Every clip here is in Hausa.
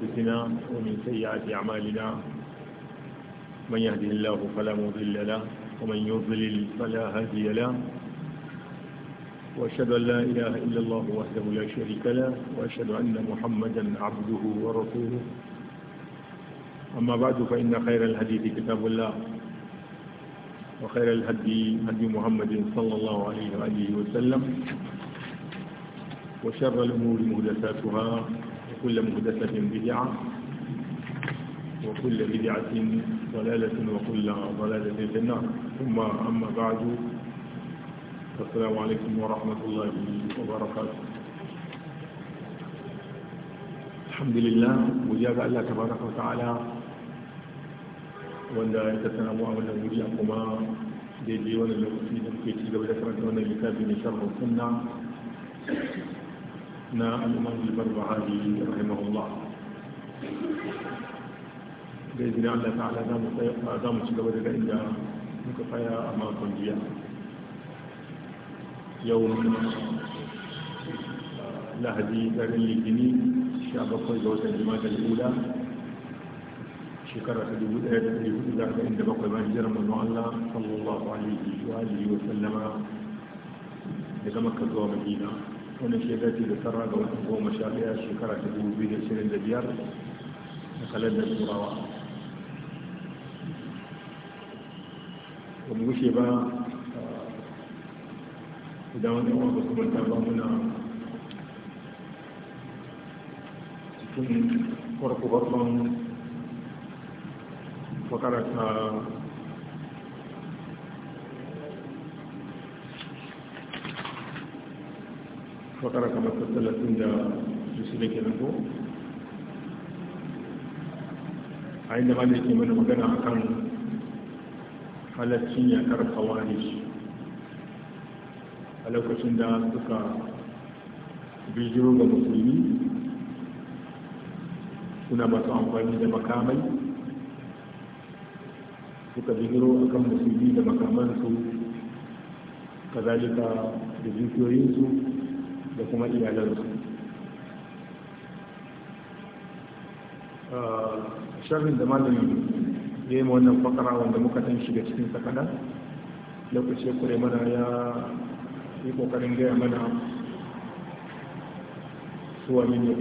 أنفسنا ومن سيئات أعمالنا من يهدي الله فلا مضل له ومن يضلل فلا هادي له وأشهد أن لا إله إلا الله وحده لا شريك له وأشهد أن محمدا عبده ورسوله أما بعد فإن خير الحديث كتاب الله وخير الهدي هدي محمد صلى الله عليه وآله وسلم وشر الأمور مهدساتها وكل مهدسة بدعة وكل بدعة ضلالة وكل ضلالة في النار ثم أما بعد السلام عليكم ورحمة الله وبركاته الحمد لله مجاب الله تبارك وتعالى wanda ya tattana mu a wannan ديوان a في daidai wannan lokaci da muke ci gaba نا المنزل بن معالي رحمه الله بإذن الله تعالى دام دام تجاوز إلى إلى مكفاية أمام يوم لهدي دار الليبيني شعب قوي جوز الجماعة الأولى شكرا لله إن بقوا ما هجر من الله صلى الله عليه وآله وسلم إذا مكة ومدينة wani shaida ce da sarra ga wata goma sha daya shekara ta dubu biyu da shirin da biyar da kalandar turawa wani wuce ba eh, idan wani wani wanda kuma ta ba muna cikin farko farkon fakara ta fakara kamar ta talatin da su da ke ko a inda ma da ke mana magana a kan halaccin yakar kawari a lokacin da suka bijiro ga musulmi suna masu amfani da makamai suka bijiro a kan musulmi da makamansu kazalika da dukiyoyinsu da kuma iyalansu Shafin da malamin ya yi wannan fakara wanda muka ɗan shiga cikin sakada lokaci ya kure mana ya yi ƙoƙarin gaya mana suwa ne ne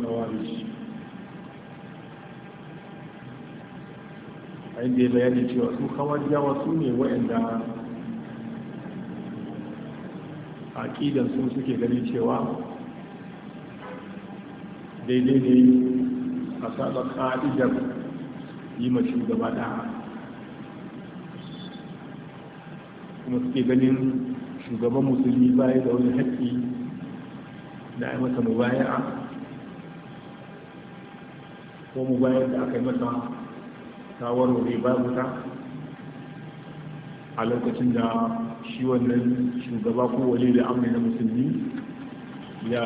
shi a inda ya bayani cewa su kawariyawa su ne a ƙidan sun suke gani cewa daidai ne a saba ka'idar yi ma shugaba ɗaya. kuma suke ganin shugaban musulmi bayan da wani haƙƙi da ya masa mubaya'a ko mubayar da aka yi masa ta wuri babu ta a lokacin da shi wannan shugaba ko wale da amina musulmi ya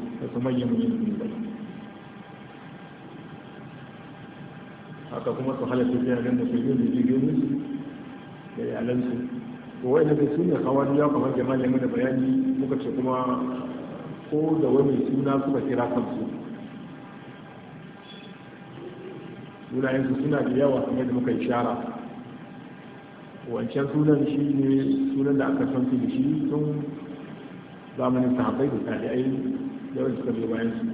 da su manyan manyan haka kuma su halatta sai da su yi da jirgin musu da yalansu. to wai da su ne kawai ya kamar da malamin da bayani muka ce kuma ko da wani suna suka kira kansu sunayensu suna da yawa kamar da muka ishara wancan sunan shi ne sunan da aka san su da shi tun zamanin sahabbai da tabi'ai yawon suka bai bayan su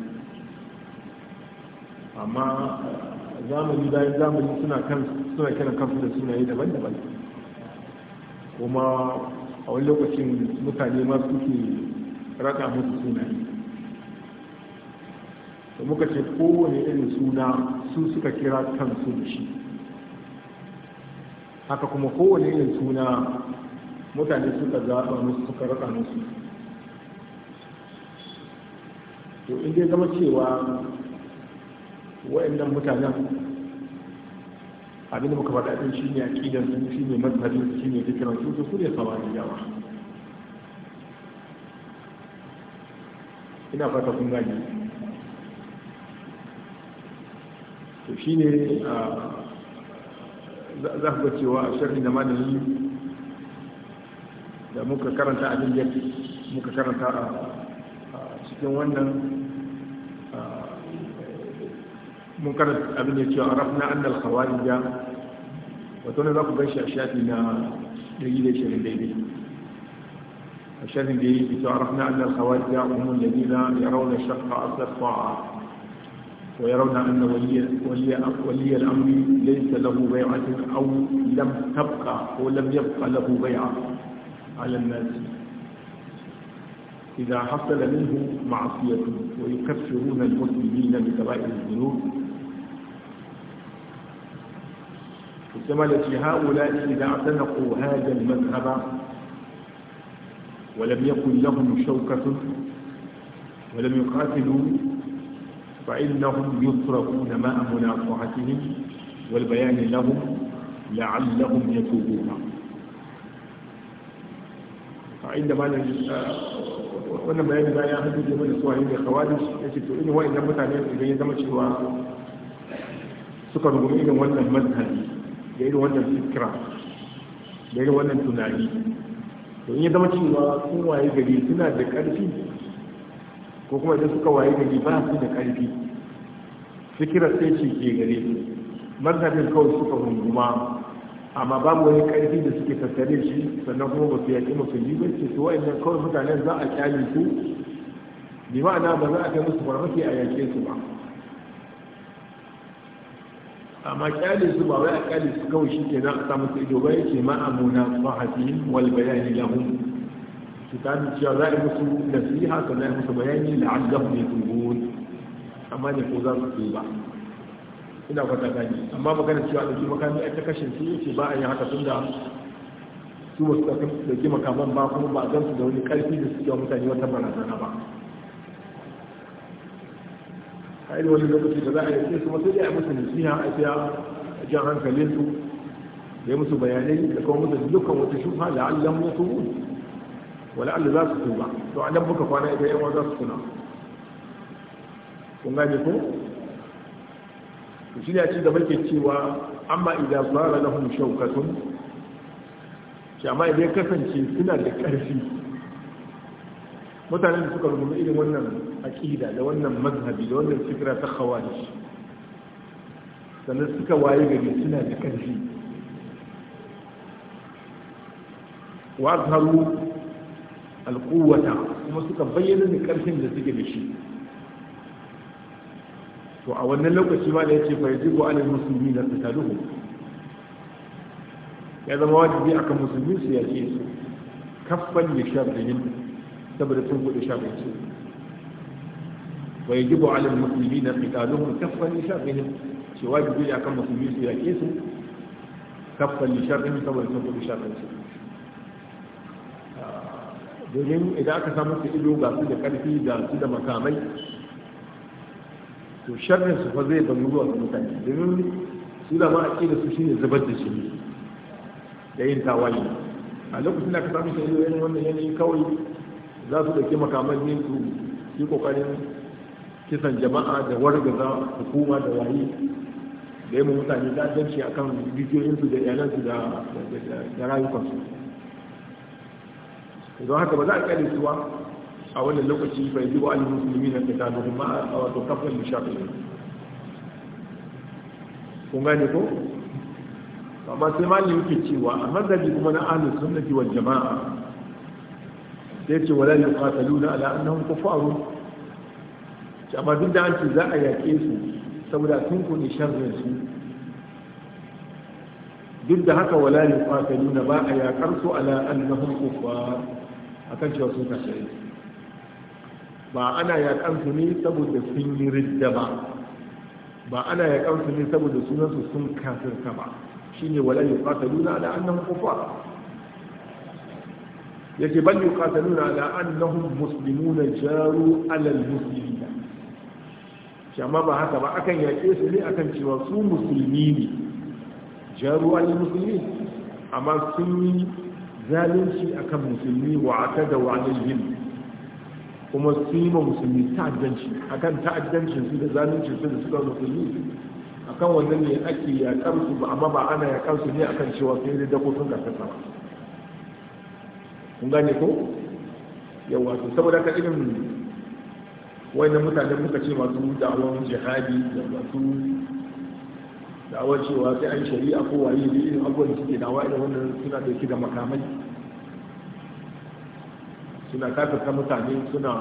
amma eh, zamani bayan zamani suna kan suna kiran kansu da sunaye daban-daban kuma a wani lokacin mutane ma suke raka musu sunaye da muka ce kowane irin suna su suka kira kansu da shi haka kuma kowane irin suna mutane suka zaɓa musu suka raka musu to in dai zama cewa wa'annan mutanen abin da muka faɗa ɗin shi ne aƙidar su shi ne mazhabin shi ne zikiran su su ne samaniyawa ina fata kun gani to shi ne za ku ga cewa a shirin da malami da muka karanta abin da muka karanta a cikin wannan mun karanta abin da cewa arafna annal khawarija wato ne za ku gan a shafi na ɗari da shirin daidai a shafin da ya yi cewa arafna annal khawarija umun da nina ladina yarawna shaqqa asar ta'a ويرون أن ولي, ولي, ولي الأمر ليس له بيعة أو لم تبقى أو لم يبقى له بيعة على الناس إذا حصل منه معصية ويكفرون المسلمين بكبائر الذنوب كما التي هؤلاء إذا اعتنقوا هذا المذهب ولم يكن لهم شوكة ولم يقاتلوا فإنهم يطرقون ماء مناصحتهم والبيان لهم لعلهم يتوبون فعندما wannan bayani ba ya hadu game da su hanyar da kawai ya ce to wa idan mutane idan ya zama cewa suka rungumi irin wannan mazhabi da irin wannan fikira da irin wannan tunani to in ya zama cewa sun waye gari suna da ƙarfi ko kuma idan suka waye gari ba su da ƙarfi fikirar sai ce ke gare su mazhabin kawai suka ma amma babu wani karfi da suke tattare shi sannan kuma ba su yaƙi musulmi ba ce su wa'annan kawai mutanen za a kyale su bi ma'ana ba za a kai musu farmaki a yaƙe su ba amma kyale su ba wai a kyale su kawai shi ke nan a samu su ido ba yake ma'amuna ba hafi wal bayani lahum su ta ni cewa za a yi musu nasiha sannan musu bayani la'aggaf ne su amma ne ko za su ba ina kwata gani amma magana cewa ɗauki makami a ta kashe su yace ba a yi haka tunda su ba su da ɗauki makaman ba kuma ba a gansu da wani ƙarfi da suke wa mutane wata barazana ba a irin wani lokaci da za a yi su masu da ya musu nasiha a fiya jan hankalin su da ya musu bayanai da kuma musu dukkan wata shufa da allah musu wani allah za su tuba to a nan muka kwana idan yawa za su tuna kun gane ko to shi ci gaba ke cewa amma idan fara lahum shaukatun shi amma idan kasance suna da ƙarfi mutanen da suka rubuta irin wannan aƙida da wannan mazhabi da wannan fikira ta khawarij sannan suka waye gari suna da ƙarfi wa azharu alquwwata kuma suka bayyana da ƙarfin da suke da shi to a wannan lokaci ma da ya ce fa yaji ko alal musulmi na tsakaluhu ya zama wajibi aka musulmi su yake su kaffan ya sha bayin saboda sun gudu sha bayin wa yajibu alal musulmi na tsakaluhu kaffan ya sha bayin ce wajibi ne kan musulmi su yake su kaffan ya sha bayin saboda sun gudu sha bayin domin idan aka samu su ido ga su da ƙarfi ga su da makamai to sharrin su fa zai bayu zuwa mutane domin su da ma da su shine zubar da shi da yin tawaye a lokacin da ka samu shi wannan yanayi kawai za su dauki makaman ne su yi kokarin kisan jama'a da wargaza hukuma da wayi da yamma mutane da a kan bidiyoyinsu da iyalansu da rayukansu don haka ba za a kyale ba a wannan lokaci fa yajibu al muslimina qitaluhum ma wa tukaffalu shafi'in kun gane ko amma sai mali yake cewa a mazhabi kuma na ahlus sunnati wal jamaa sai ce wala yuqataluna ala annahum kuffarun amma duk da an ce za a yaƙe su saboda sun kuni sharrin su duk da haka wala yuqataluna ba a yaƙar su ala annahum kuffar akan cewa sun kashe ba ana yakan su ne saboda sun yi ridda ba ba ana yakan su ne saboda sunansu sun kafirta ba shine wala yuqataluna ala annahum kufar yace bal yuqataluna ala annahum muslimuna jaru ala almuslimin shi amma ba haka ba akan yake su ne akan cewa su musulmi ne jaru ala almuslimin amma sun yi zalunci akan musulmi wa atada wa alaihim kuma su yi ma musulmi ta'addanci akan ta'addancin su da zaluncin su da suka musulmi akan wannan ne ake yaƙar su ba amma ba ana yaƙar su ne akan cewa sai da sun kasar sama kun gane ko yawa to saboda ka irin wayannan mutane muka ce masu da'awar jihadi da masu da'awar cewa sai an shari'a ko waye da irin abubuwan da suke da'awa irin wannan suna dauke da makamai suna kafirta mutane suna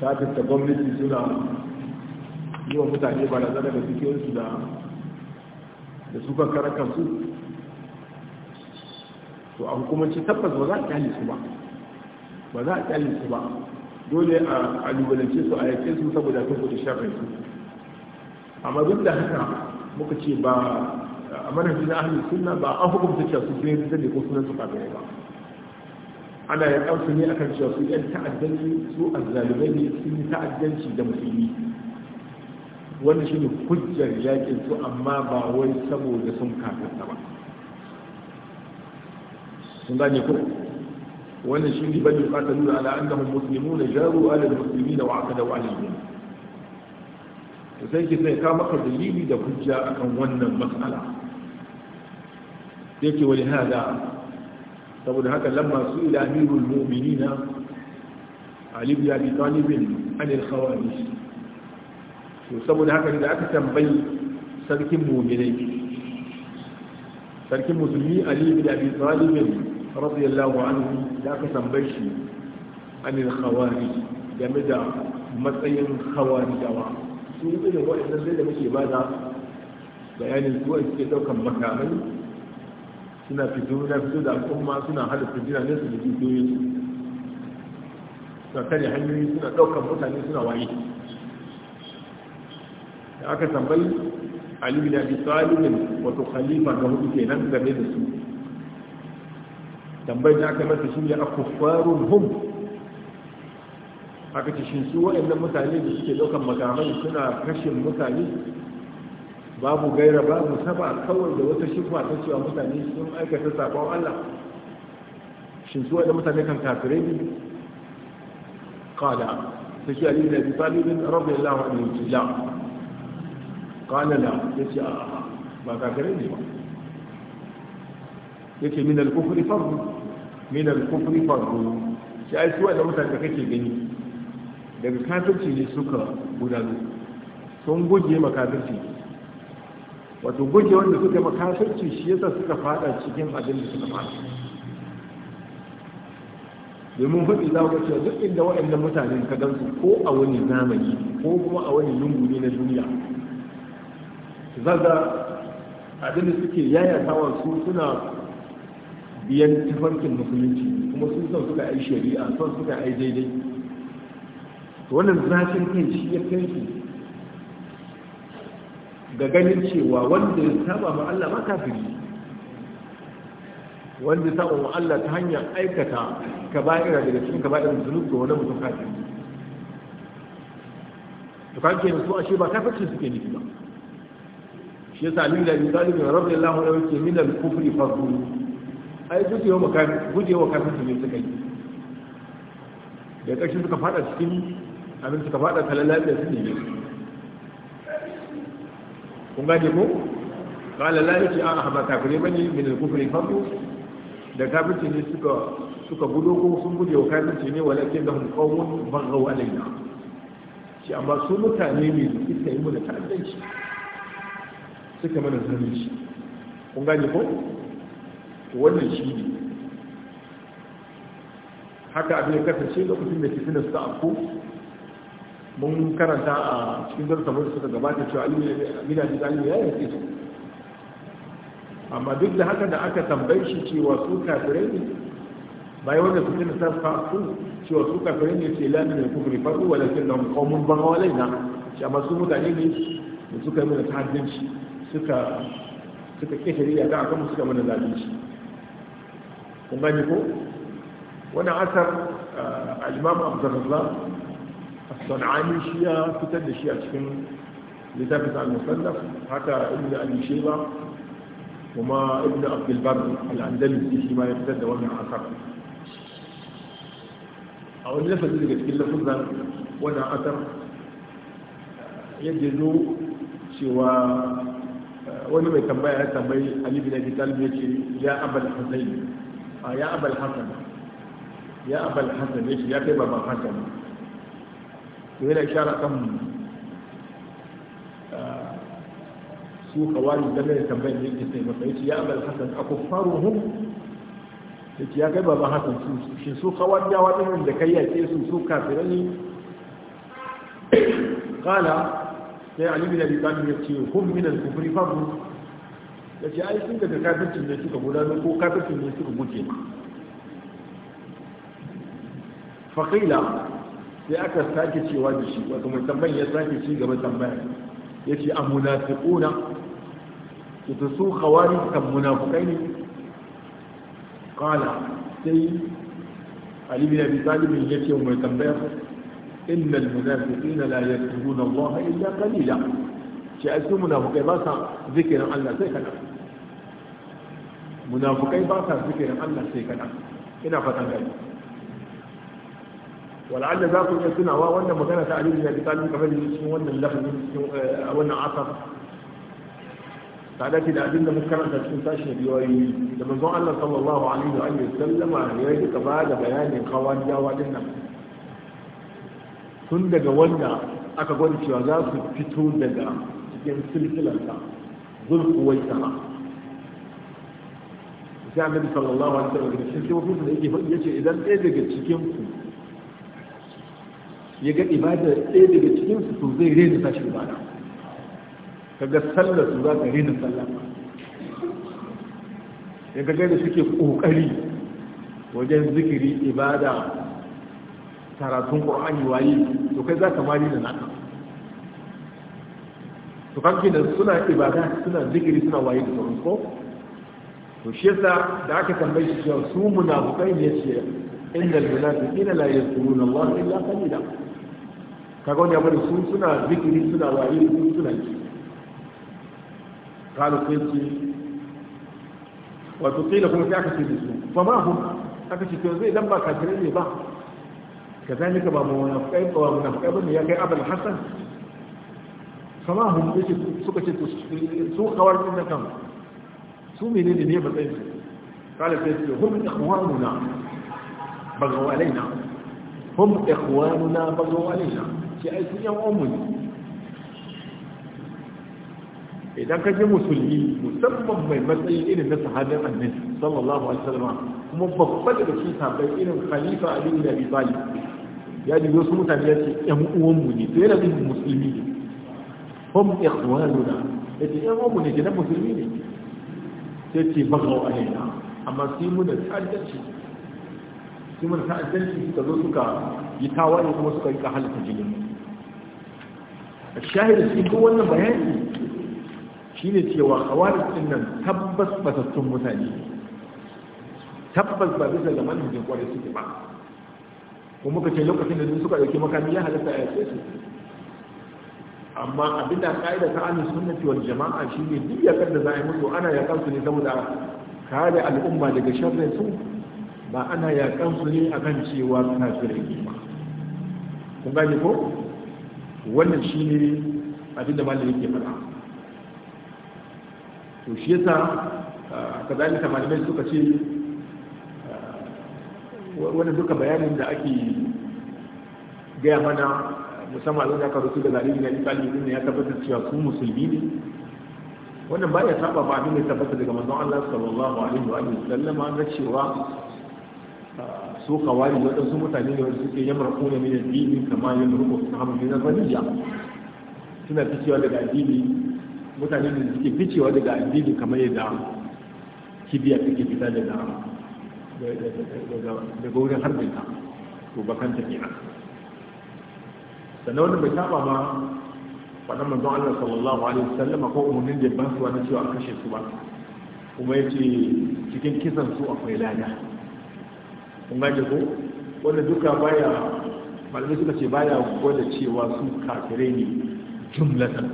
kafirta gwamnati suna yi wa mutane barazana da cikinsu da da su kankara kansu to a hukumanci tabbas ba za a kyali su ba ba za a kyali su ba dole a alubalance su a yake su saboda kan kudi shafin su amma duk da haka muka ce ba a manhajin ahalin sunna ba an hukumta cewa su sai da ko sunan su ba ana ya ɗansu ne akan cewa su yan ta'addanci su azzalibai ne sun yi ta'addanci da musulmi wanda shi ne hujjar yakin su amma ba wai saboda sun kafirta ba sun gane ku wannan shi ne bani fatan nuna ala annahum muslimuna jaru ala muslimina wa aqada wa alayhim to sai ki sai ka maka dalili da hujja akan wannan matsala. yake wani hada saboda haka lamma su ila amirul mu'minina ali ibn ya talib an al khawarij to saboda haka da aka tambayi sarkin mu'minai sarkin musulmi ali ibn abi talib radiyallahu anhu da aka tambayi shi an al khawarij game da matsayin dawa. Sun ne da waɗannan sai da muke bada bayanin su a cikin ɗaukan makamai suna fito na fito da al'umma suna hada fitila ne su da jijiyoyin su suna kare hanyoyi suna ɗaukar mutane suna waye da aka tambayi ali bin abi talibin wato khalifa ga hudu kenan game da su tambayi da aka masa shi ne a kuffarun hum aka ce shi su waɗannan mutane da suke ɗaukar makamai suna kashin mutane babu gaira babu saba kawai da wata shifa ta cewa mutane sun aikata sabon Allah shin su da mutane kan kafirai ne qala sai shi ali da talibin radiyallahu anhu la qala la yace a ba kafirai ne ba yace min al-kufri fardu min al-kufri fardu shi ai su da mutane kake gani daga kafirci ne suka gudanu sun guje ma kafirci wato guje wanda suka makasarci shi ya sa suka fada cikin abin da suka fada domin faɗi za ku cewa duk inda waɗannan mutane ka gansu ko a wani zamani ko kuma a wani lunguni na duniya zaga abin da suke yayatawa su suna biyan tafarkin musulunci kuma sun san suka yi shari'a son suka yi daidai wannan zafin kai shi ya kai su ga ganin cewa wanda ya saba ma Allah ma kafiri wanda ya saba ma Allah ta hanyar aikata ka kaba'ira daga cikin kaba'irar zulub ga wani mutum kafiri to kan ke su ashe ba kafirci suke nufi ba shi yasa Ali da Abi Talib radiyallahu anhu yake min al-kufri fadlu ai guje wa kafir guje wa kafirci ne suka yi da ƙarshe suka fada cikin abin suka fada kalan lafiya su ne kun gane ko qala la yake an ahba kure bane min kufri fadu da kafirci ne suka suka gudo ko sun guje wa kafirci ne walakin da hum qawmun baghaw alaina shi amma su mutane ne su suka yi mana ta'addanci suka mana zalunci kun gane ko wannan shi ne haka abin ya kasance lokacin da fitina suka afko mun karanta a cikin zartabar wani suka gabata cewa gidajen aliyu ya yi su amma duk da haka da aka tambayi shi cewa su kafirai ne bayan wanda su kina sarfa su cewa su kafirai ne ce lami ne kuma rifaru wa ke da kawun ban walai na shi amma su mutane ne da suka yi mana ta'addanci suka suka ƙetare ya ga akan suka mana zalunci kun gani ko wani asar eh, al-imam abdurrazzaq sana'ani shi ya fitar da shi a cikin littafin al-musallaf haka ibn abi shayba kuma ibn abdul bar al-andalusi shi ma ya fitar da wannan asar a wani lafazi daga cikin lafazan wannan asar yadda zo cewa eh, wani mai tambaya ya tambayi ali bin abi talib ya ce ya abal hasan ya abal hasan ya abal hasan ya ce ya kai baban hasan وهنا إشارة كم سوق واري زمان كم بين الاثنين مثلا يا أبا الحسن أكفرهم يا كبا ما حسن شن سوق واري جواتهم إذا كي يأتي سوق كافرني قال يعني من اللي بان يأتي هم من الكفر فضل yace ai sun daga kafircin ne suka gudanar ko kafircin ne suka guje faƙila sai aka sake cewa da shi wato mai tambayin ya sake ci gaba tambaya ya ce a munafiquna ita su khawari kan munafukai ne kala sai ali bin abi talib ya ce mai tambaya inna munafiqina la yaktubuna Allah illa qalila ce a su munafukai ba sa zikirin Allah sai kana munafukai ba sa zikirin Allah sai kana ina fatan gani ولعل ذاك كنت سنة وانا ما تعليم عليه من الكتاب كمان يسمو وانا اللغم آه، وانا عصر فعلاتي اذا لما مكان تكون تاشنا بيوائي لما زوء الله صلى الله عليه وآله وسلم وعن يوائي كفاد بيان خوان جاوة لنا تندق وانا اكا قولي شو عزاز تتوندق تكين يعني سلسلة ظل قويتها النبي صلى الله عليه وسلم يقول لك إذا إيه أذقت شكيمكم ya ga ibada ɗaya daga cikin su to zai rena tashi ibada ga sallar su za ka rena sallar ya ga da suke ƙoƙari wajen zikiri ibada karatun qur'ani waye? to kai za ka mari da naka to kanki da suna ibada suna zikiri suna waye da sauran ko to shi yasa da aka tambayi shi cewa su munafukai ne ce innal munafiqina la yadhkuruna Allah illa qalila kaga wani abu da su suna zikiri suna waye su suna ki kalu sai ce wato kila kuma sai aka ce da su fa ma hu aka ce to zai dan ba kafirai ne ba kazalika ba munafiqai ba munafiqai bane ya kai abul hasan fa ma hu yace suka ce su kawar din kan su menene ne ba sai قال سيدي هم إخواننا بغوا علينا هم إخواننا بغوا علينا ce ai sun yan uwanmu ne idan ka je musulmi musamman mai matsayi irin na sahabin annabi sallallahu alaihi wasallam kuma babba daga cikin sahabbai irin khalifa ali ibn abi talib ya ji wasu mutane ya ce yan uwanmu ne to yana bin musulmi ne hum ikhwanuna yace yan uwanmu ne kenan musulmi ne sai ce bagaw alaina amma sai mu da ta'addanci sai mu da ta'addanci suka zo suka yi tawaye kuma suka rika halitta jinin a shahidu cikin wannan bayani shi ne cewa hawaris din nan tabbas batattun mutane tabbas ba bisa ga da kwarai suke ba kuma muka ce lokacin da duk suka dauki makami ya halatta a yace su amma abinda ka'ida ta ahlus sunnati wal jama'a shine duk ya da za a yi musu ana ya su ne saboda kare al'umma daga sharrin su ba ana ya su ne akan cewa kafirai ba kun gani ko wannan shi ne abinda malam yake faɗa to shi yasa ah, kazalika malamai suka ce ah, wani duka bayanin da ake gaya mana musamman abin aka rusu da zalimi na itali din ya tabbatar cewa su musulmi ne wannan baya saba ba abin da tabbata daga manzon Allah sallallahu alaihi wa sallama na cewa su da waɗansu mutane ne wanda suke yamar kuna min addini kama yin rubu ne min azaniya suna ficewa daga addini mutane ne suke ficewa daga addini kamar yadda kibiya take fita daga daga wurin harbin ta to bakan ta kenan sannan wanda bai saba ma faɗan manzon Allah sallallahu alaihi wasallam ko umurnin da ban su wani cewa kashe su ba kuma yace cikin kisan su akwai lada kun gane ko wanda duka baya malamai suka ce baya gwada cewa su kafire ne jumlatan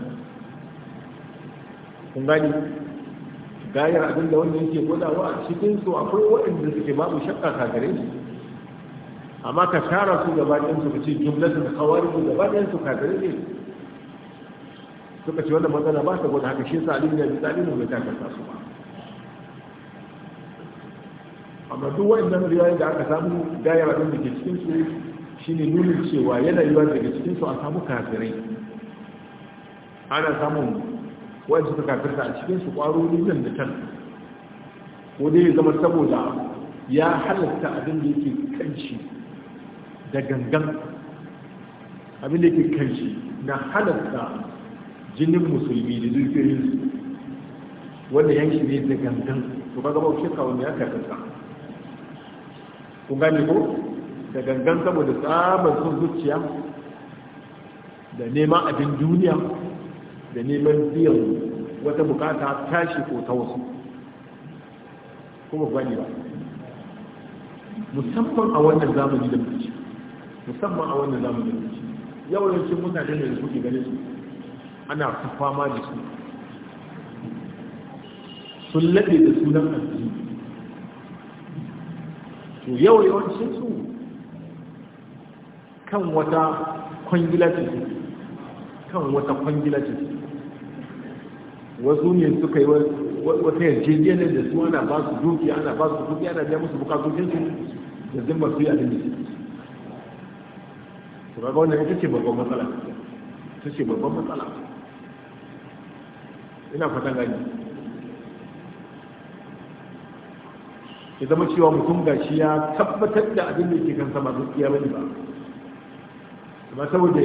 kun gane gayar abin da wanda yake gwadawa cikin su akwai waɗanda suke babu shakka kafire ne amma ka tara su gaba ɗayan su ka ce jumlatan kawai gaba ɗayan su kafire ne suka ce wannan magana ba ta gwada haka shi sa alimin da bisani ne ya takasa su ba amma duk waɗannan riwayoyi da aka samu gayar abin da ke cikin su shine nuna cewa yana yiwa daga cikin su a samu kafirai ana samun wanda suka kafirta a cikin su kwaro nan da can ko dai zama saboda ya halatta abin da yake kanci da gangan abin da yake kanci na halatta jinin musulmi da su, wanda yanki ne da gangan to ba gaba shekka ne ya kafirta kun gane ko da gangan saboda tsabar sun zuciya da neman abin duniya da neman biyan wata bukata tashi ko ta wasu kuma gwani ba musamman a wannan zamani da muke musamman a wannan zamani da muke yawancin mutane da suke gane su ana ta fama da su sun laɗe da sunan addini to yau yawancin su kan wata kwangila kan wata kwangilaci wasu ne suka yi wata yarjejeniyar da su ana ba su duki ana ba su duki ana biya musu bukatu su da zimba su yi a limiti su ga wannan ita ce babban matsala ita ce babban matsala ina fatan gani ya zama cewa mutum shi ya tabbatar da abin da ke kan sama ya bane ba amma saboda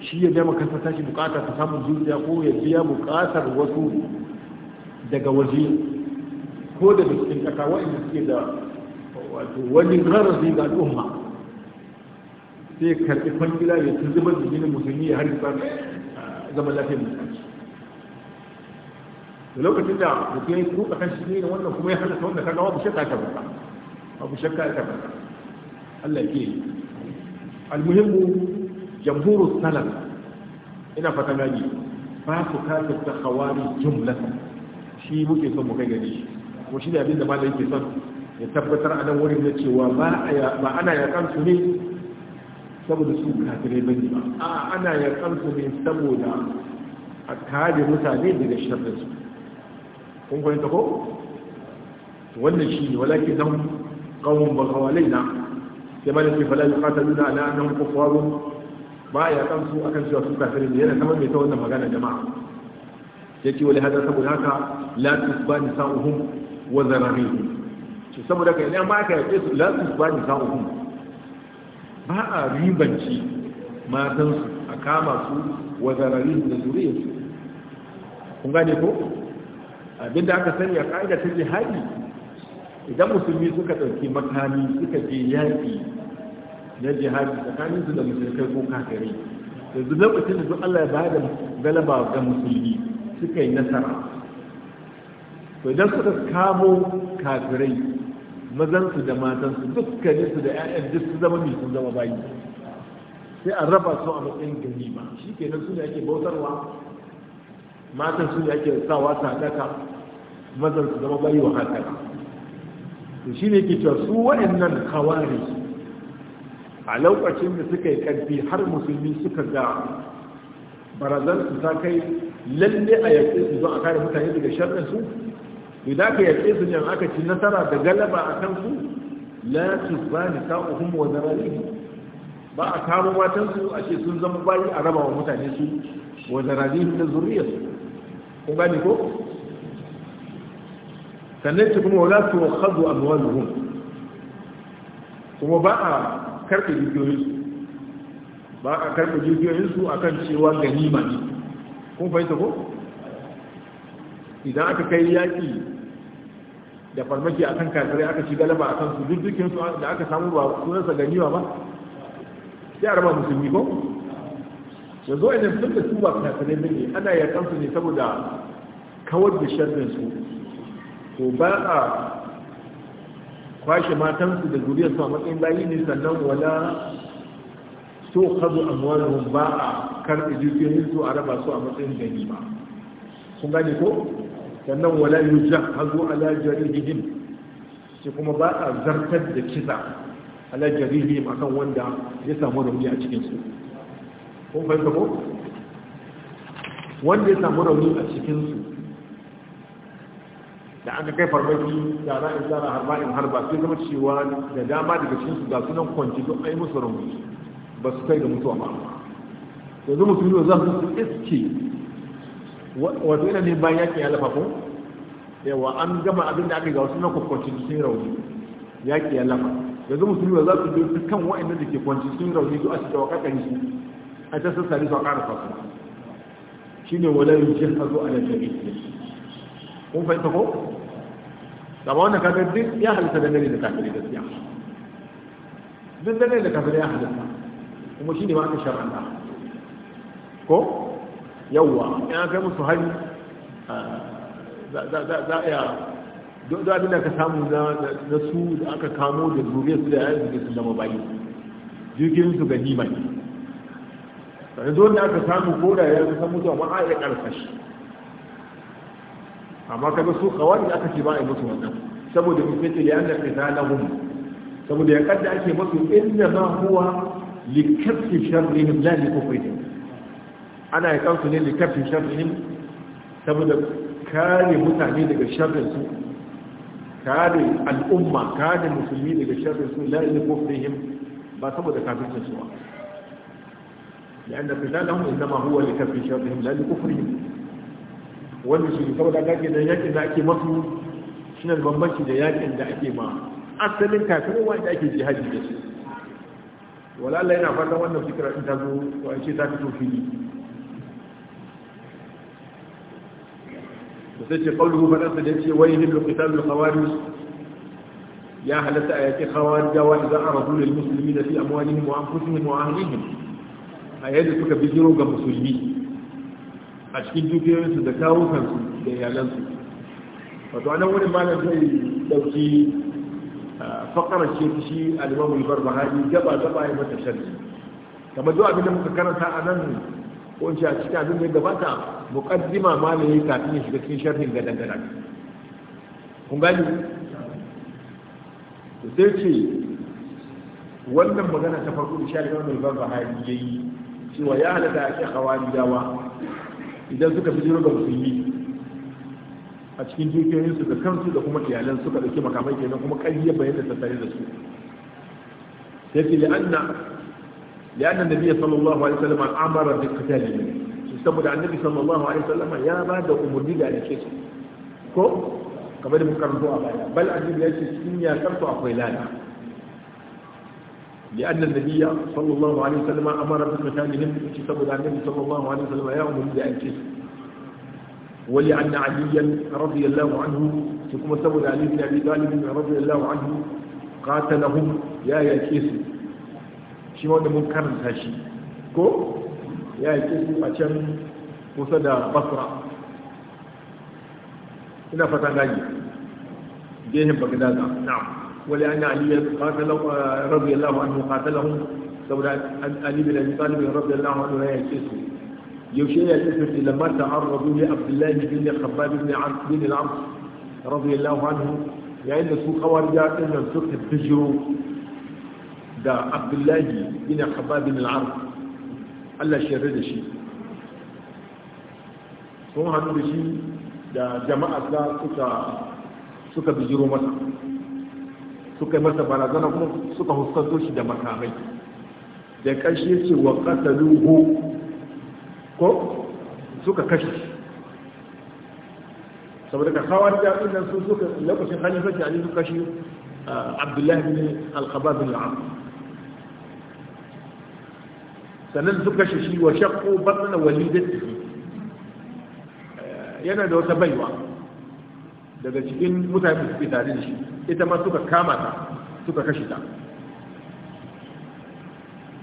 shi ya jama kansa tashi bukata ta samun zuciya ko ya biya bukatar wasu daga waje ko da cikin kasa wa'anda suke da wato wani rarrazi ga al'umma sai karɓi fangila ya ci zubar da jinin musulmi ya zama lafiyar musulmi da lokacin da mutum ya kuka kan shi ne wannan kuma ya halatta wanda kaga babu shakka ta baka babu shakka ta baka Allah ke almuhimmu jamhuru salaf ina fata gani ba su kasa ta khawari jumlatan shi muke son mu kai gare ko shi ne abin da malai yake son ya tabbatar a nan wurin da cewa ba ana yakan su ne saboda su kafirai bane ba a ana yakan su ne saboda a kare mutane daga sharrin su kun fahimta ko wannan shi ne walakin nan qawmun ba qawalaina sai malin ke fala yuqataluna ala annahum kuffarun ba ya kan su akan cewa su kafiri ne yana kamar mai ta wannan magana jama'a yake wani hada saboda haka la tusbani sa'uhum wa zararihim to saboda kai idan ba ka yake su la tusbani sa'uhum ba a ribanci matansu a kama su wa zararihim da zuriyarsu kun gane ko abinda aka sani a ƙa'ida ta jihadi idan musulmi suka ɗauki makami suka je yaƙi na jihadi tsakanin su da musulmi ko kafirai yanzu lokacin da Allah ya ba da galaba ga musulmi suka yi nasara to idan suka kamo kafirai mazan su da su dukkanin su da 'ya'yan duk su zama mai sun zama bayi sai an raba su a matsayin ganima shi kenan su da ake bautarwa matan su ne ake sawa sadaka mazan su zama bayi wa haka to shi ne ke cewa su waɗannan kawari a lokacin da suka yi ƙarfi har musulmi suka ga barazan su ta kai lalle a yaƙe su zuwa a kare mutane daga sharɗin su to da aka yaƙe su ne aka ci nasara da galaba a kan su la ta uhumu wa zarari ba a kamo matansu a ce sun zama bayi a raba wa mutane su wa zarari da zuriyarsu Ko gani ko sannan ce kuma wala su khadu amwaluhum kuma ba a karɓe dukiyoyinsu ba a karɓe su akan cewa ganima ne kun fahimta ko idan aka kai yaƙi da farmaki akan kafirai aka ci galaba akan su duk su da aka samu ba sunansa ganima ba ya raba musulmi ko yanzu a yanzu da su ba kafirai mini ana yakan kansu ne saboda kawar da sharrin su ba a kwashe matansu da zuriyar su a matsayin bayi ne sannan wala so kazu amwalihum ba a karɓi jirgin su a raba su a matsayin gani ba kun gane ko sannan wala yi yujah hazo alajari jarihihim sai kuma ba a zartar da kisa ala a akan wanda ya samu rumbi a cikinsu. kun fahimta ko wanda ya samu rauni a cikinsu da aka kai farmaki da za a tsara harba in harba sai zama cewa da dama daga cikinsu ga sunan kwanci don ai musu rauni ba su kai ga mutuwa ba yanzu mutum yau za su iske wato ina ne bayan yaƙi ya lafa ko yawa an gama abin da aka ga wasu na kwakwanci sun rauni yaƙi ya lafa yanzu mutum yau za su bi kan wa'annan da ke kwanci sun rauni duk a cikin wakakan shi a can sassari su a ƙara fasu shi ne walayin jin hazo a nan ne. kun fahimta ko gaba wannan kaga duk ya halitta dangane da kafirai gaskiya duk dangane da kafirai ya halitta kuma shi ne ma aka shar'anta ko yawwa in aka yi musu hari za a iya duk abin da ka samu na su da aka kamo da zuriya su da yayin da su zama bayi jirgin su ganima ne yanzu wanda aka samu ko da ya kusan mutuwa ma a iya ƙarfa shi amma kaga su kawai aka ce ba a yi wannan saboda mu sai ya anna qitalahum saboda ya kadda ake masu inna ma huwa likaffi sharrihim la likufrihim ana ya kansu ne likaffi sharrihim saboda kare mutane daga sharrin su kare al'umma kare musulmi daga sharrin su la likufrihim ba saboda kafircin su ba لأن قتالهم إنما هو لكف شرهم لا لكفرهم wanda shi saboda da da yakin da ake masu shine da bambanci da yakin da ake ma asalin kafirin wanda ake jihadi da shi wala Allah yana fata wannan fikira din ta zo ko an ce ta fito fili da sai ce qawluhu fa nasa da ce wai hil qital al khawarij ya halatta ayati khawarij wa idza aradu lil muslimin fi amwalihim wa anfusihim wa ahlihim a yadda suka bijiro ga musulmi a cikin dukiyoyinsu da kawukansu da yalansu wato nan wani malar zai dauki fakarar ce shi alimamu bahari, gaba gaba ya mata sharri kamar zuwa abin da muka karanta a nan ko a cikin abin da ya gabata muqaddima ma ne kafin ya shiga cikin sharhin ga gadan kun gani to sai ce wannan magana ta farko da ban bahari, barbahari yayi cewa ya halatta ake hawari dawa idan suka fi jirga musulmi a cikin dukiyoyinsu da kansu da kuma iyalan suka dauki makamai kenan kuma ƙarya bayan da tattare da su sai ce li'anna li'anna nabiyya sallallahu alaihi wasallam amara bi qitalihi saboda annabi sallallahu alaihi wasallam ya ba da umarni da ake su ko kamar da muka karanto a baya bal annabi ya ce cikin yakar su akwai lana لأن النبي صلى الله عليه وسلم أمر بمكانهم كتاب النبي صلى الله عليه وسلم يأمر بأنكس ولأن عليا رضي الله عنه كما سبب علي بن أبي طالب رضي الله عنه قاتلهم يا يكيس شي وانا منكر هاشي كو يا يكيس عشان وسد بصرة هنا فتناني جيهم بغداد نعم ولأن علي قاتل آه، رضي الله عنه قاتلهم سورة علي بن أبي طالب رضي الله عنه يا يكسر يوشي يكسر لما تعرضوا لعبد الله بن خباب بن عبد بن العبد رضي الله عنه يعني سوء خوارج أن سوء تجروا دا عبد الله بن خباب بن العبد الله شرد شيء هو hannu da دا جماعة jama'a suka suka bijiro masa suka yi masa barazana kuma suka huskanto shi da makamai da kashi ya ce wa kataluhu ko suka kashi saboda ka kawar da ɗin su suka lokacin hanyar sarki ali suka kashi abdullahi bin alkhabar bin al'am sannan suka kashi shi wa shakku batna walidatihi yana da wata baiwa daga cikin mutane da suke tare da shi ita ma suka kama ta suka kashe ta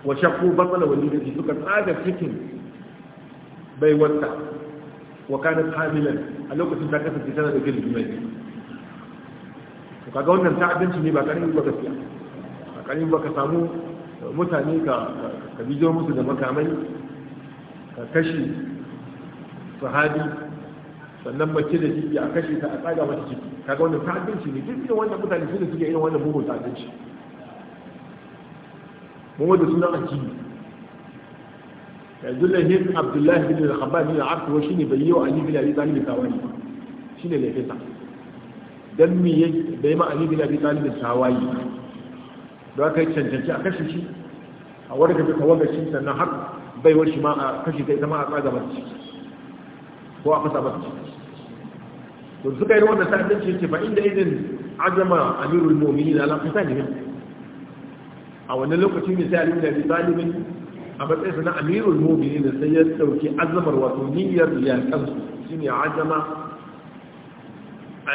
wa shakku batsala da suka tsaga cikin baiwarta wa kana hamilan a lokacin da kasance tana da gilbi mai kaga wannan ta'addanci ne ba karin ba gaskiya ba karin ba ka samu mutane ka ka bijo musu da makamai ka kashi sahabi sannan mace da ciki a kashe ta a tsaga mata ciki kaga wannan ta'addanci ne duk irin wannan mutane su ne suke irin wannan mugun ta'addanci Mun wanda sunan addini yanzu hin abdullahi bin al-khabbab bin al wa shine bai yi wa ali bin abi talib tawayi shine ne fita dan me yake bai ma ali bin abi talib tawayi don yi cancanci a kashe shi a warka ta kawaga shi sannan har baiwar shi ma a kashe ta ita ma a tsaga mata ciki ko a fasa mata ciki to suka yi wannan ta'addanci yake ba inda idan ajama amirul mu'minin ala qitalihim a wannan lokacin ne sai alimin da talibin a matsayinsa na amirul mu'minin sai ya dauki azamar wato niyyar ya kansu shine ajama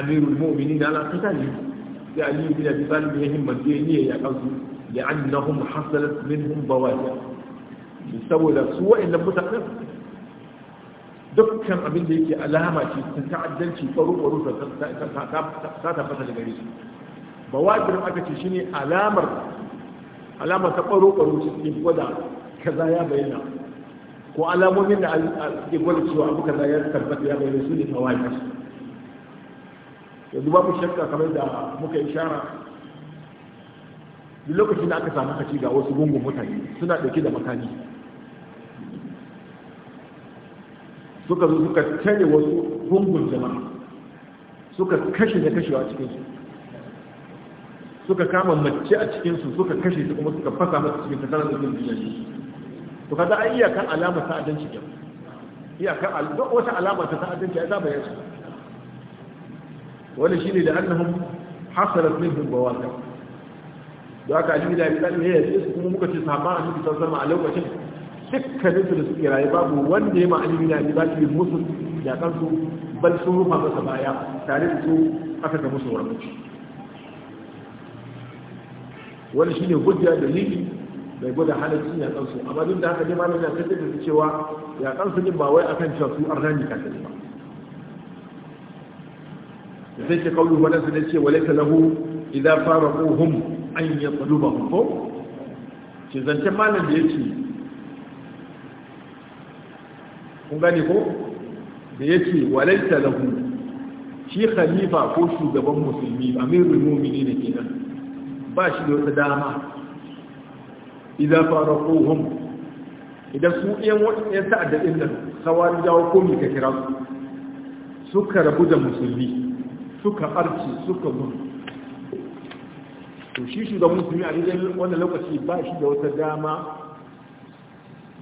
amirul mu'minin ala qitalihim sai alimin da talibin ya himmatu ya niyyar ya kansu لأنهم حصلت منهم بواجع saboda su wa'annan mutanen dukkan abin da yake alama ce sun ta'addanci faru faru ta tabbata da gare ba wajirin aka ce shine alamar alamar ta faru faru ce ke gwada kaza ya bayyana ko alamomin da ke gwada cewa abu kaza ya tabbata ya bayyana su ne ta wajirin yanzu mu shakka kamar da muka ishara duk lokacin da aka samu kaci ga wasu gungun mutane suna ɗauke da makani suka zo suka tare wasu gungun jama'a suka kashe da kashewa a cikinsu suka kama mace a cikinsu suka kashe su kuma suka fasa masu cikin tattara da zai jini to kaza ai iyakan alama ta ta'addanci ke iyakan alama wata alama ta ta'addanci ya za ya yasu wani shine da annahum hasalat minhum bawaka da aka ajiyar da ya yi ya ce su kuma muka ce sahaba a cikin zama a lokacin dukkanin su da suke raye babu wanda ya ma'alimi na ba su yi musu da kansu bal sun rufa masa baya tare da su aka ga musu warmaci wani shine hujja da lili bai gwada halaccin ya kansu amma duk da haka ne malamin ya tattar da cewa ya kansu din ba wai akan cewa su arnani ka ba da sai ke kawo su ne ce wale ta lahu idan fara hum an yi tsaluba ko ce zancen malam da ya ce kun gane ko da yake walaita lahu shi khalifa ko shugaban musulmi amirul mumini ne kenan ba shi da wata dama idan faraquhum idan su iyan yan ta'adda din nan sawari jawo ko mi ka kira su suka rabu da musulmi suka arci suka gudu to shi shugaban musulmi a cikin wannan lokaci ba shi da wata dama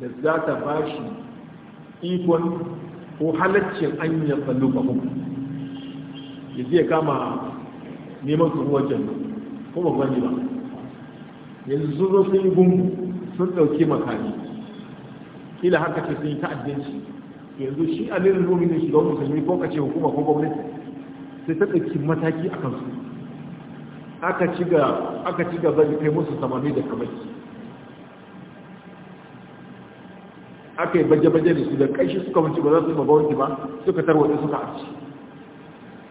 da za ta ba shi ikon ko halaccin an yi sallu ba mu ya zai kama neman su ruwan jannu ko ba gwani ba yanzu sun zo sun yi gungu sun ɗauki makami kila haka ce sun yi ta'addanci yanzu shi amirin rumini shi ga musulmi ko kace hukuma ko gwamnati sai ta ɗauki mataki a kansu aka ci gaba da kai musu samami da kamaki aka yi baje-baje da su da kai shi suka wuce ba za su mabawanci ba suka tarwaɗe suka arci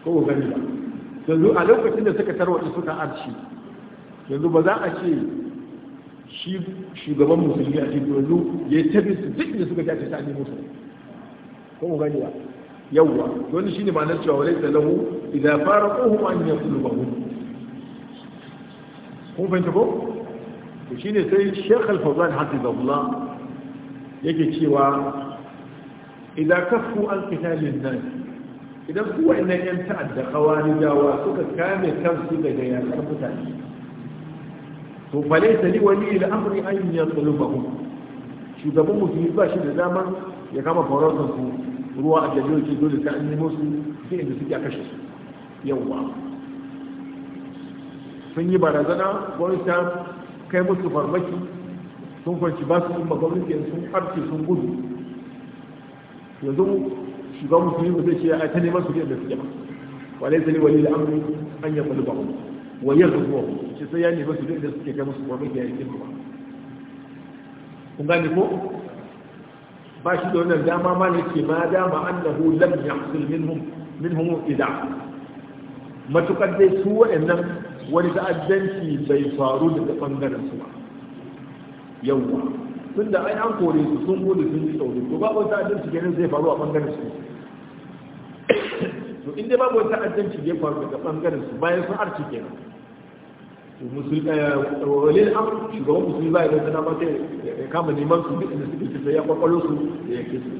ko gani ba yanzu a lokacin da suka tarwaɗe suka arci yanzu ba za a ce shi shugaban musulmi a cikin yanzu ya yi tabi su duk da suka tafi sani musu ko gani ba yawwa wani shine ma'anar cewa walai da lahu idan fara kohun an yi sulbahu kun fahimta ko shi ne sai shekh al-fawzan hafizahullah yake cewa idan kafu an nan idan kuwa ina yan ta'adda kawani jawa suka kame kansu daga yakar mutane to falaita li wani ila amri an ya tsulubahu shugaban musulmi ba shi da daman ya kama farautar su ruwa a jami'o ce dole ta an yi musu sai inda suke a kashe su yawwa sun yi barazana wani ta kai musu farmaki sun kwanci ba su kuma gwamnati sun harce sun gudu yanzu shiga musulmi ba zai ce a ta neman su da suke ba walai sai wali al'amri an ya kullu ba'u wa yarzuhu shi sai ya nemi su da suke ga musu gwamnati ya yi ba kun gane ko ba shi da wannan dama ma ne ke ma dama annahu lam yahsul minhum minhum ida matukar dai su wa'annan wani ta'addanci bai faru daga bangaren su ba yawwa tun da ai an kore su sun gudu sun yi sauri to babu wata adalci ganin zai faru a bangaren su to inda babu wata adalci ya faru daga bangaren su bayan sun arci kenan to musulmi eh, walil amr shugaban musulmi ba ya zai dama sai ya kama neman su duk inda suke fita ya kwakwalo su da ya kisa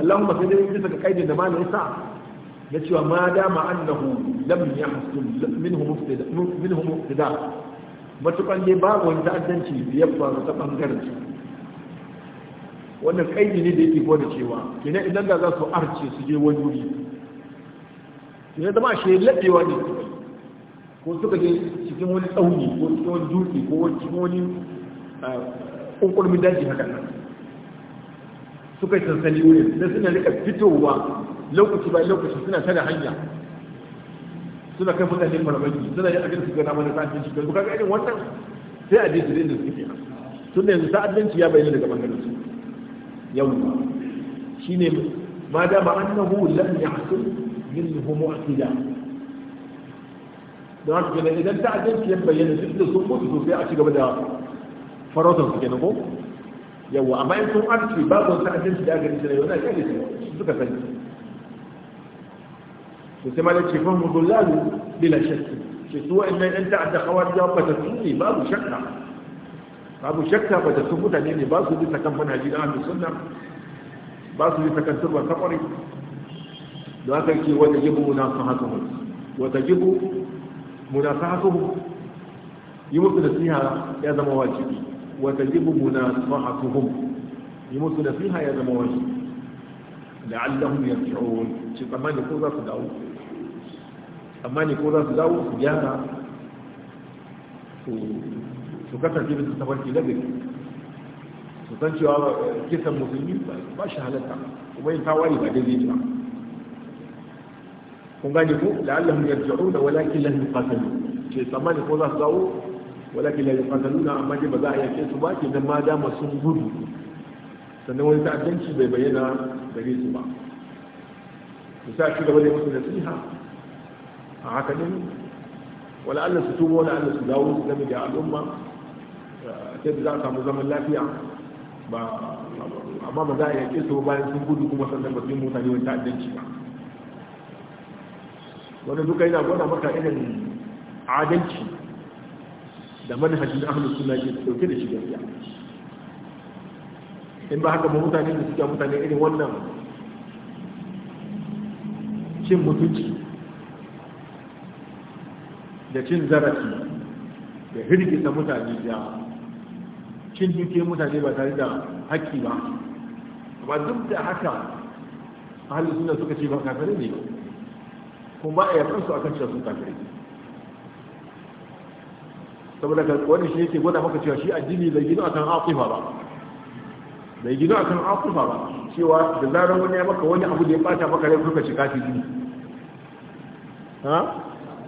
Allahumma sai dai bisa saka kaidin da malamin sa na cewa ma dama annahu lam yahsul minhu muftida minhu muftida matukan dai babu wani ta'addanci ya faru ta bangaren su wannan kaidi ne da yake gwada cewa kina idan da za su arce su je wani wuri kina zama shi laɗewa ne ko suka je cikin wani tsauni ko cikin wani dutse ko cikin wani ƙunƙurmin daji haka nan suka yi sansani wurin da suna rika fitowa lokaci bayan lokaci suna tana hanya suna kai mutane farmaki suna yi abin su gana na mana sa'adin shi kai kaga irin wannan sai a je su da suke kenan tun da yanzu sa'adinci ya bayyana daga bangaren su shi ne ma da ba annahu lam yahsul minhu mu'tida don haka kenan idan sa'adinci ya bayyana duk da sun mutu sosai a cigaba da farautar su kenan ko yawwa amma in sun arci babu sa'adinci da aka rinsa suna yau na kyale su suka sani to sai malai ce fahimmu dullalu bila shakki ce su wa'annan yan ta'adda kawar jawa ba ta sunni babu shakka babu shakka ba ta sun mutane ne ba su bisa kan manhaji da ahlus sunna ba su bisa kan turban kafari da haka ce wata jibu munafahatuhu wata jibu munafahatuhu yi musu da nasiha ya zama wajibi wata jibu munafahatuhu yi musu da nasiha ya zama wajibi la'allahum yarji'un tsammani ko za su dawo tsammani kwa za su dawo su gyara su kasance bisa tafarki lagari su san cewa kisan musulmi ba shi halatta kuma yin tawaye ba daidai ba kun gane ko la'allahu yarji'una walakin lam yuqatalu ce tsammani ko za su walakin la yuqataluna amma ba za a yake su ba ke nan ma dama sun gudu sannan wani ta'addanci bai bayyana gare su ba su sa shi gaba da musu nasiha a haka ne wala Allah su tubo wala Allah su dawo su game da al'umma eh, ta da za a samu zaman lafiya ba amma ba za a yaƙe su bayan sun gudu kuma sannan ba su yi mutane wani ta'addanci ba Wani duka yana gwada maka irin adalci da manhajin ahlus suna ke dauke da shi gaskiya in ba haka ba mutane da suke mutane irin wannan cin mutunci da cin zarafi da hirgita mutane da cin duke mutane ba tare da haƙƙi ba ba duk da haka halin suna suka ce ba kafirin ne kuma a kansu a akan cewa sun kafirin saboda ka wani shi yake gwada maka cewa shi addini bai gino kan aqifa ba bai gino kan aqifa ba cewa da zarar wani ya maka wani abu da ya bata maka rai kuka shi kafiri da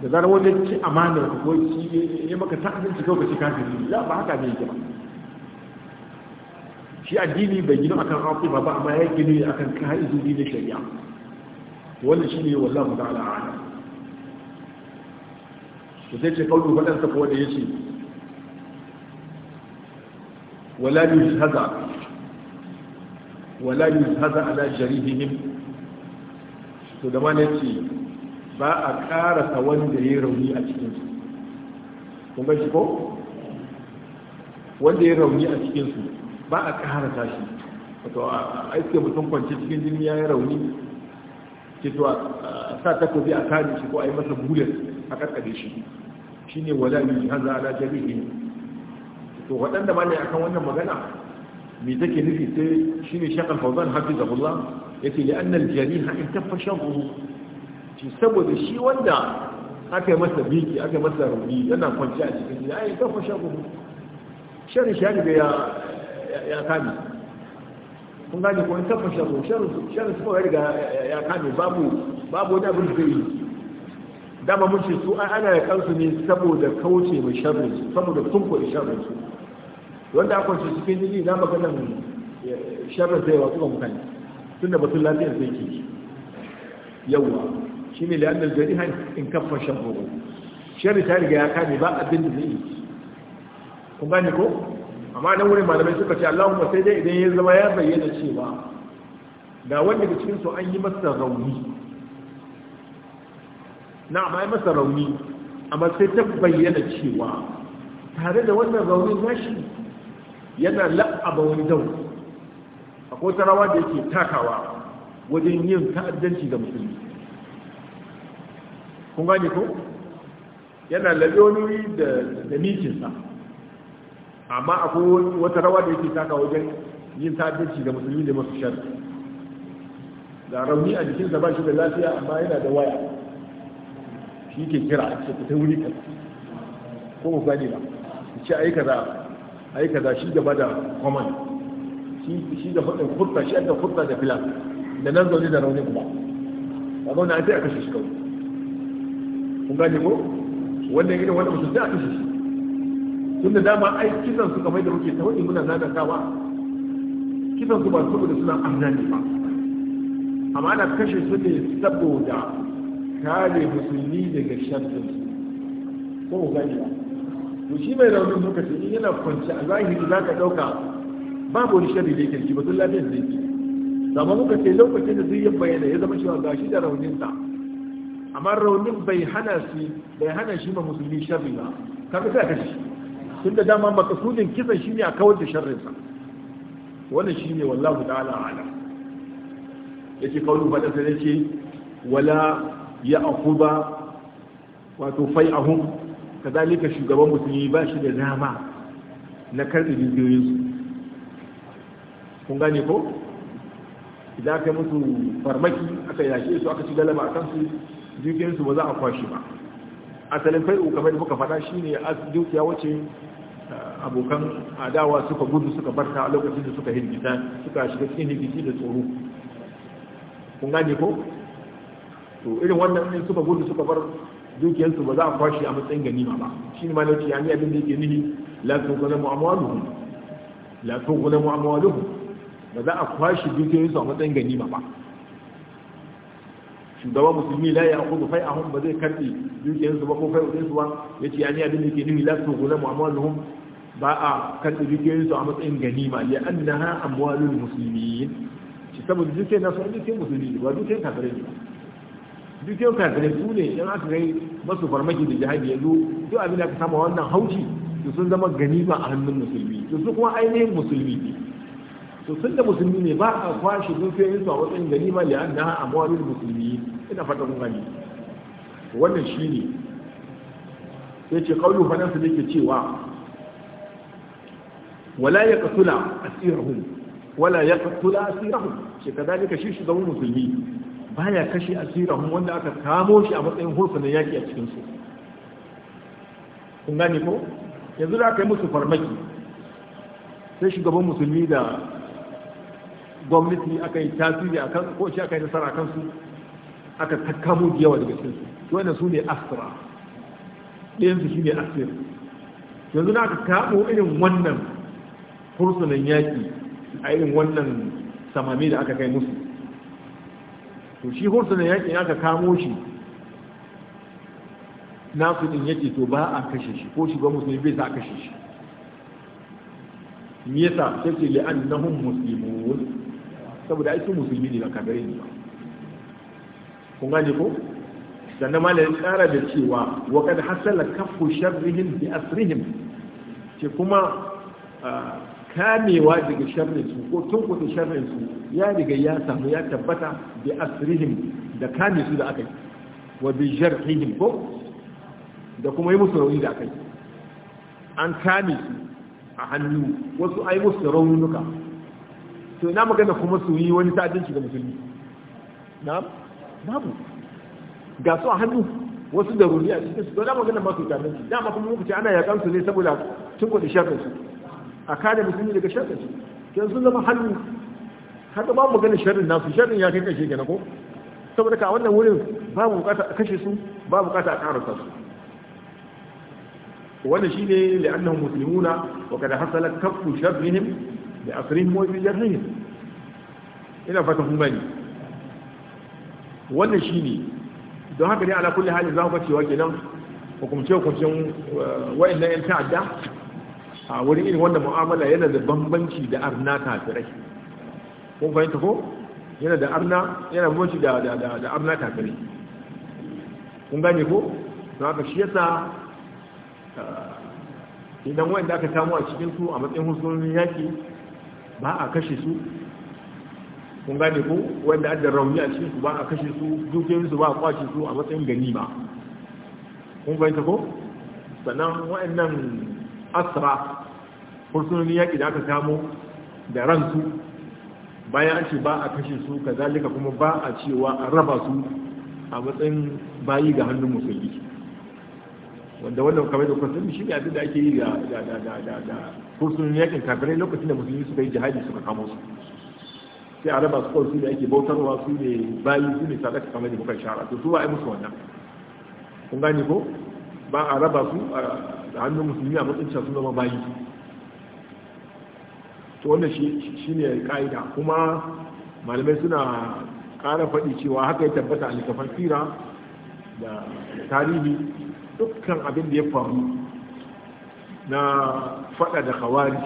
zarar wanda ci amanar ko ci ya maka ta abinci kawai ka ci ne, la ba haka ne ya ba shi addini bai gino akan haƙi ba amma ya gino akan ka'idodi na shari'a wannan shine wallahu ta'ala ala to sai ce kaulu fadan sa kowa da yace wala haza? wala haza ala jarihihim to da ma ne ce ba a karasa wanda ya rauni a cikinsu kun shi ko wanda ya rauni a cikinsu ba a karasa shi wato a aiki mutum kwanci cikin jini ya yi rauni ke to a sa takobi a kare shi ko a yi masa bulet a karkade shi shi ne ne shi hanzu ala jami'i to waɗanda ma ne akan wannan magana me take nufi sai shi ne shakar fauzan ya ce li annal jariha in tafa ruru ci saboda shi wanda aka yi masa biki aka yi masa rauni yana kwanci a cikin gida ai kafa shago shari shari da ya ya kame kun gane ko kafa shago shari shari su riga ya kame babu babu wani abin zai yi dama mun ce su ana ya kansu ne saboda kauce mai su saboda tunkuɗe sharri su wanda aka kwanci cikin jini na maganan sharri zai wasu ga mutane da batun lafiyar zai ke yawa shine da yadda annal jarihan in kaffa sharruhu sharri ta riga ya kame ba abin da zai yi. kun gane ko amma nan wurin malamai suka ce Allahumma sai dai idan ya zama ya bayyana cewa da wanda daga cikinsu an yi masa rauni na amma ya masa rauni amma sai ta bayyana cewa tare da wannan rauni nashi yana la'aba wani dau akwai tarawa da yake takawa wajen yin ta'addanci ga musulmi kun gane ko yana lalle wani da mikinsa amma akwai wata rawa da yake taka wajen yin ta'addanci da musulmi da masu shari da rauni a jikinsa ba shi da lafiya amma yana da waya shi ke kira a cikin fita wuri ko mu gane ba ce ai kaza ai kaza shi gaba da common shi da hudin kurta shi da kurta da filan da nan zaune da rauni kuma a zaune an sai a kashe shi kawai kun gane ko wannan gidan wanda mutum zai a kashe shi tun da dama ai kisan su kamar da muke ta wani muna zagatawa kisan su ba saboda suna arzani ba amma ana kashe su ne saboda kare musulmi daga sharrin su ko mu gane ba to shi mai raunin lokaci in yana kwanci a zahiri za ka ɗauka babu wani sharri da yake ji ba sun lafiyar zai yake amma muka ce lokacin da zai yi bayyana ya zama cewa gashi da raunin rauninsa amma raunin bai hana shi bai hana shi ma musulmi sharri ba kaga sai ka shi da dama makasudin kisan shine a kawar da sharrinsa. Wani wannan shine wallahu ta'ala ala ce kaulu fada ya ce, wala ba wato fai a ka zalika shugaban musulmi ba shi da dama na karɓi bidiyoyin kun gane ko idan aka musu farmaki aka yashe su aka ci galaba a kansu dukiyarsu ba za a kwashi ba asalin fai'u kamar da muka faɗa shine dukiya wacce uh, abokan adawa suka gudu suka barta a lokacin da suka hirgita suka shiga cikin hirgiti da tsoro kun gane ko to irin wannan ne suka gudu suka bar dukiyarsu ba za a kwashi a matsayin ganima ba shi ne ma lauci ya ni abin da yake nihi la tugula mu'amaluhum la tugula mu'amaluhum ba za a kwashi dukiyarsu a matsayin ganima ba shugaba musulmi la ya akudu fai ahun ba zai karbi dukiyarsu ba ko fai uɗinsu ba ya ce yani abin da ke nuni la su gula ba a karbi dukiyarsu a matsayin ganima ya annaha amwalul muslimin shi saboda dukiyar nasu an dukiyar musulmi ba dukiyar kafirai ne dukiyar kafirai su ne in aka kai masu farmaki da jihadi yanzu duk abin da aka sama wannan haushi to sun zama ganima a hannun musulmi to su kuma ainihin musulmi ne to sun da musulmi ne ba a kwashe dukiyoyin su a matsayin ganima li annaha amwalul musulmi, ina fata mun gani wannan shine sai ce qawlu fadan su yake cewa wala yaqtula asirahum wala yaqtula asirahum shi kadalika shi shugaban musulmi baya kashe asirahum wanda aka kamo shi a matsayin na yaki a cikin su kun gane ko yanzu da aka yi musu farmaki sai shugaban musulmi da gwamnati aka yi tasiri a kan ko shi aka yi nasara kan su aka takkamo da yawa daga cikin su wannan su ne asira ɗayan su shi ne asir yanzu na aka kaɓo irin wannan fursunan yaƙi a irin wannan samami da aka kai musu to shi fursunan yaƙi aka kamo shi su ɗin yake to ba a kashe shi ko shi gwamnati ne bai sa a kashe shi me yasa sai ce li'annahum muslimun saboda ai musulmi ne ba kagare ne ba kun gane ko sannan ya kara da cewa wa kad hasala kafu sharrihim bi asrihim ce kuma kamewa daga sharrin su ko tunkuta sharrin su ya riga ya samu ya tabbata bi asrihim da kame su da yi wa bi jarhihim ko da kuma yi musu rauni da aka yi. an kame su a hannu wasu ai musu raunuka to ina magana kuma su yi wani ta'addanci ga musulmi na'am babu ga su a hannu wasu da ruri a cikin su to dama magana ba su ta'addanci dama kuma muku ce ana yakan su ne saboda tun da shafin su a kare musulmi daga shafin su yanzu sun zama hannu haka ba magana sharrin nasu sharrin ya kai kashe gana ko saboda ka wannan wurin ba mu bukata a kashe su ba bukata a karasa su wannan shine la'annahum muslimuna wa kad hasala kaffu sharrihim da asirin mawafi jarhihim ina fatan kun gani wannan shi ne don haka ne ala kulli halin za ku cewa kenan hukumce hukumcen eh, na yan ta'adda a wurin irin wannan mu'amala yana da bambanci da arna kafirai kun fahimta ko yana da arna yana bambanci da da arna kafirai kun gane ko don haka shi yasa eh, idan wanda aka samu a cikin su a matsayin hukumomin yaki ba a kashe su kun gane ko wanda adda rauni a cikin su ba a kashe su dukkan su ba a kwace su a matsayin gani ba. kun fahimta ko sannan wa'annan asra fursunoni yaƙi da aka samu da ransu bayan an ce ba a kashe su kazalika kuma ba a cewa a raba su a matsayin bayi ga hannun musulmi wanda wannan kamar da kwasan shi ne abin da ake yi da fursunan yakin kafirai lokacin da musulmi suka yi jihadi suka kamo su sai a raba su kawai su ne ake bautarwa su ne bayi su ne sadaka kamar da muka shara to su ba a yi musu wannan kun gane ko ba a raba su a hannun musulmi a matsayin su zama bayi to wannan shi ne ka'ida kuma malamai suna kara faɗi cewa haka ya tabbata a tsira da tarihi dukkan abin da ya faru na Faɗa da khawarij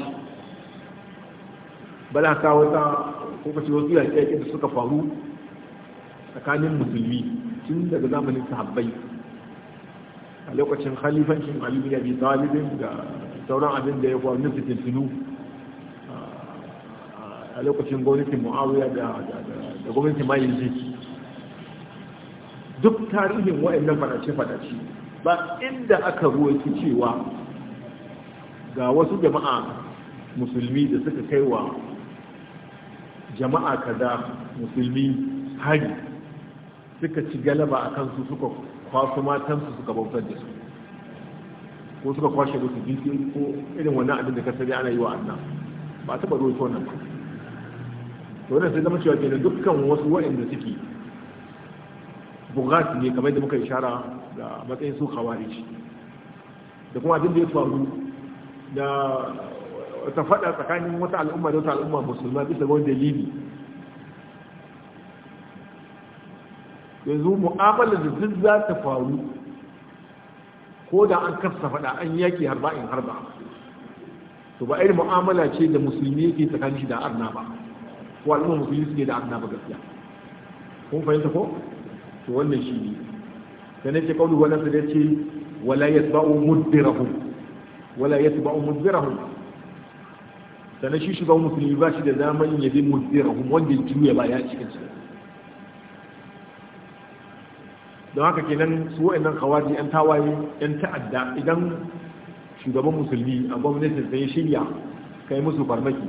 bala ka wata ko kace wasu yaƙe da suka faru tsakanin musulmi tun daga zamanin sahabbai a lokacin khalifancin alibi ya bi talibin da sauran abin da ya faru na fitintinu a lokacin gwamnatin Muawiya da gwamnatin gwamnatin jiki duk tarihin wa'annan fadace-fadace ba inda aka ruwaci cewa ga wasu jama'a musulmi da suka kai wa jama'a kaza musulmi hari suka ci galaba a kansu suka kwasu matansu suka bautar da su ko suka kwashe musu jiki ko irin wannan abin da ka sani ana yi wa annan ba taɓa ko nan ba to wannan sai zama cewa ke dukkan wasu waɗanda suke bugati ne kamar da muka ishara da matsayin su khawarij da kuma abin da ya faru da ta faɗa tsakanin wata al'umma da wata al'umma musulma bisa wani dalili yanzu mu'amala da duk za ta faru ko da an kasa faɗa an yaki harba in harba to ba irin mu'amala ce da musulmi yake tsakanin shi da arna ba ko al'umma musulmi suke da arna ba gaskiya kun fahimta ko to wannan shi ne da ce kawai wannan da ce wala yasba'u mudirahum wala yatba'u mudbirahum sannan shi shugaban musulmi ba shi da daman ya bi mudbirahum wanda juya ba ya cikin su don haka kenan su wa'annan kawaji yan tawaye yan ta'adda idan shugaban musulmi a gwamnatin sai shirya kai musu farmaki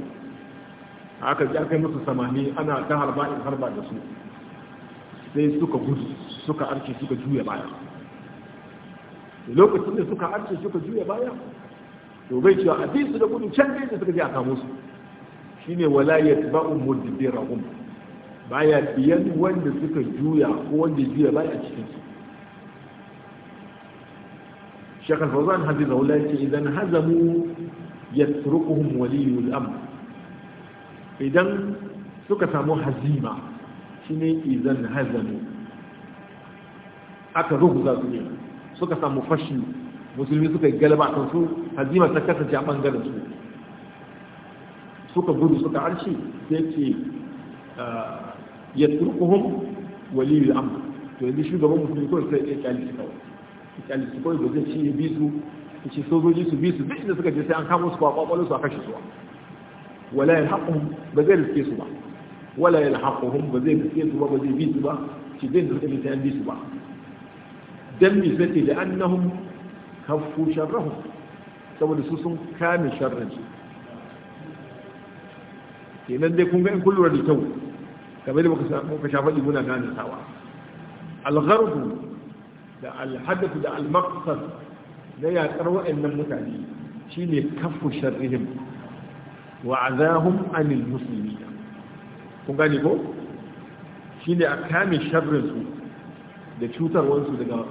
haka ji aka yi musu samani ana ta harba in harba da su sai suka gudu suka arce suka juya baya lokacin da suka arce suka juya baya to bai cewa a su da gudu can da suka je a kamo su shine wala yatba'u mudbirahum baya biyan wanda suka juya ko wanda juya baya cikin su Sheikh Al-Fawzan hafizahullah yace idan hazamu yatrukuhum waliyul amr idan suka samu hazima shine idan hazamu aka ruhu za su ne suka samu fashi musulmi suka yi galaba a su hazima ta kasance a bangaren su suka gudu suka harshe sai ce ah, ya turkuhum waliyu amr to yanzu shugaban musulmi kawai sai ya kyali su kawai ya kyali su kawai ba zai ci ya bi su ya ce sojoji su bi su duk inda suka je sai an kama su kwa kwakwalo su a kashe su wala ya haƙuhum ba zai riske su ba wala ya haƙuhum ba zai riske su ba ba zai bi su ba ci zai da suka je sai an bi su ba dan bi sai ce da annahum kaffu sharrahu saboda su sun kame sharrin su kenan dai kun ga in kullura da kyau kamar da muka shafa muna gane sawa algharbu da alhadatu da almaqsad na yaƙar waɗannan mutane shine kaffu sharrihim wa azahum anil muslimin kun gane ko shine a kame sharrin su da cutarwarsu daga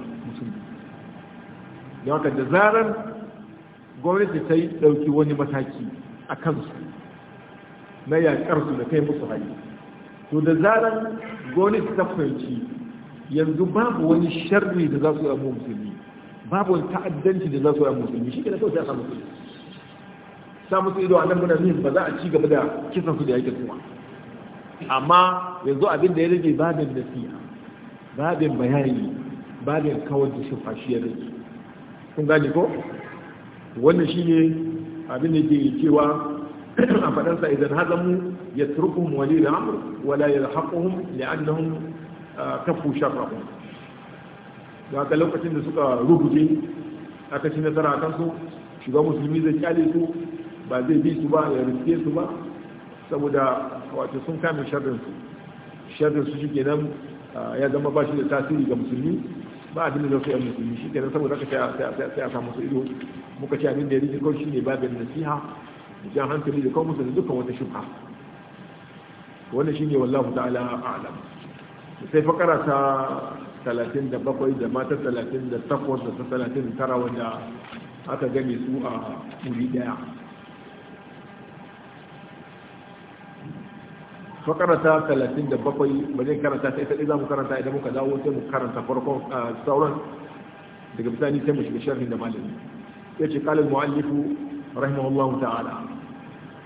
da haka da zarar gwamnati ta yi ɗauki wani mataki a kansu na yaƙarsu da kai musu hanyar to da zarar gwamnati ta fahimci yanzu babu wani sharri da za su yi musulmi babu wani ta'addanci da za su yi musulmi shi ke da kawai sai musulmi samu kuɗi sa musu ido a nan muna nuhin ba za a ci gaba da kisan su da yake kuma amma yanzu abin da ya rage babin nasiha babin bayani babin kawar da shi fashiyar rage kun gane ko wannan shine abin da ke cewa a faɗansa idan hazamu ya turku wali da amur wala ya an li'annahum kafu shafafu da aka lokacin da suka rubuce aka ci nasara a kansu shiga musulmi zai kyale su ba zai bi su ba ya riske su ba saboda wato sun kame sharrinsu sharrinsu shi kenan ya zama ba shi da tasiri ga musulmi ba abin da zai yi musulmi shi kenan saboda ka sai a samu su ido muka ci abin da ya rike shi ne babin nasiha jan hankali da kawai musulmi dukkan wata shubha wannan ne wallahu ta'ala a'lam sai fakara ta talatin da bakwai, da mata talatin, da ta talatin, da tara wanda aka gani su a wuri daya karanta talatin da bakwai ba zai karanta ta ita za mu karanta idan muka dawo sai mu karanta farkon sauran daga bisani sai mu shiga sharhin da malami ya ce kalin mu'allifu rahimahullahu ta'ala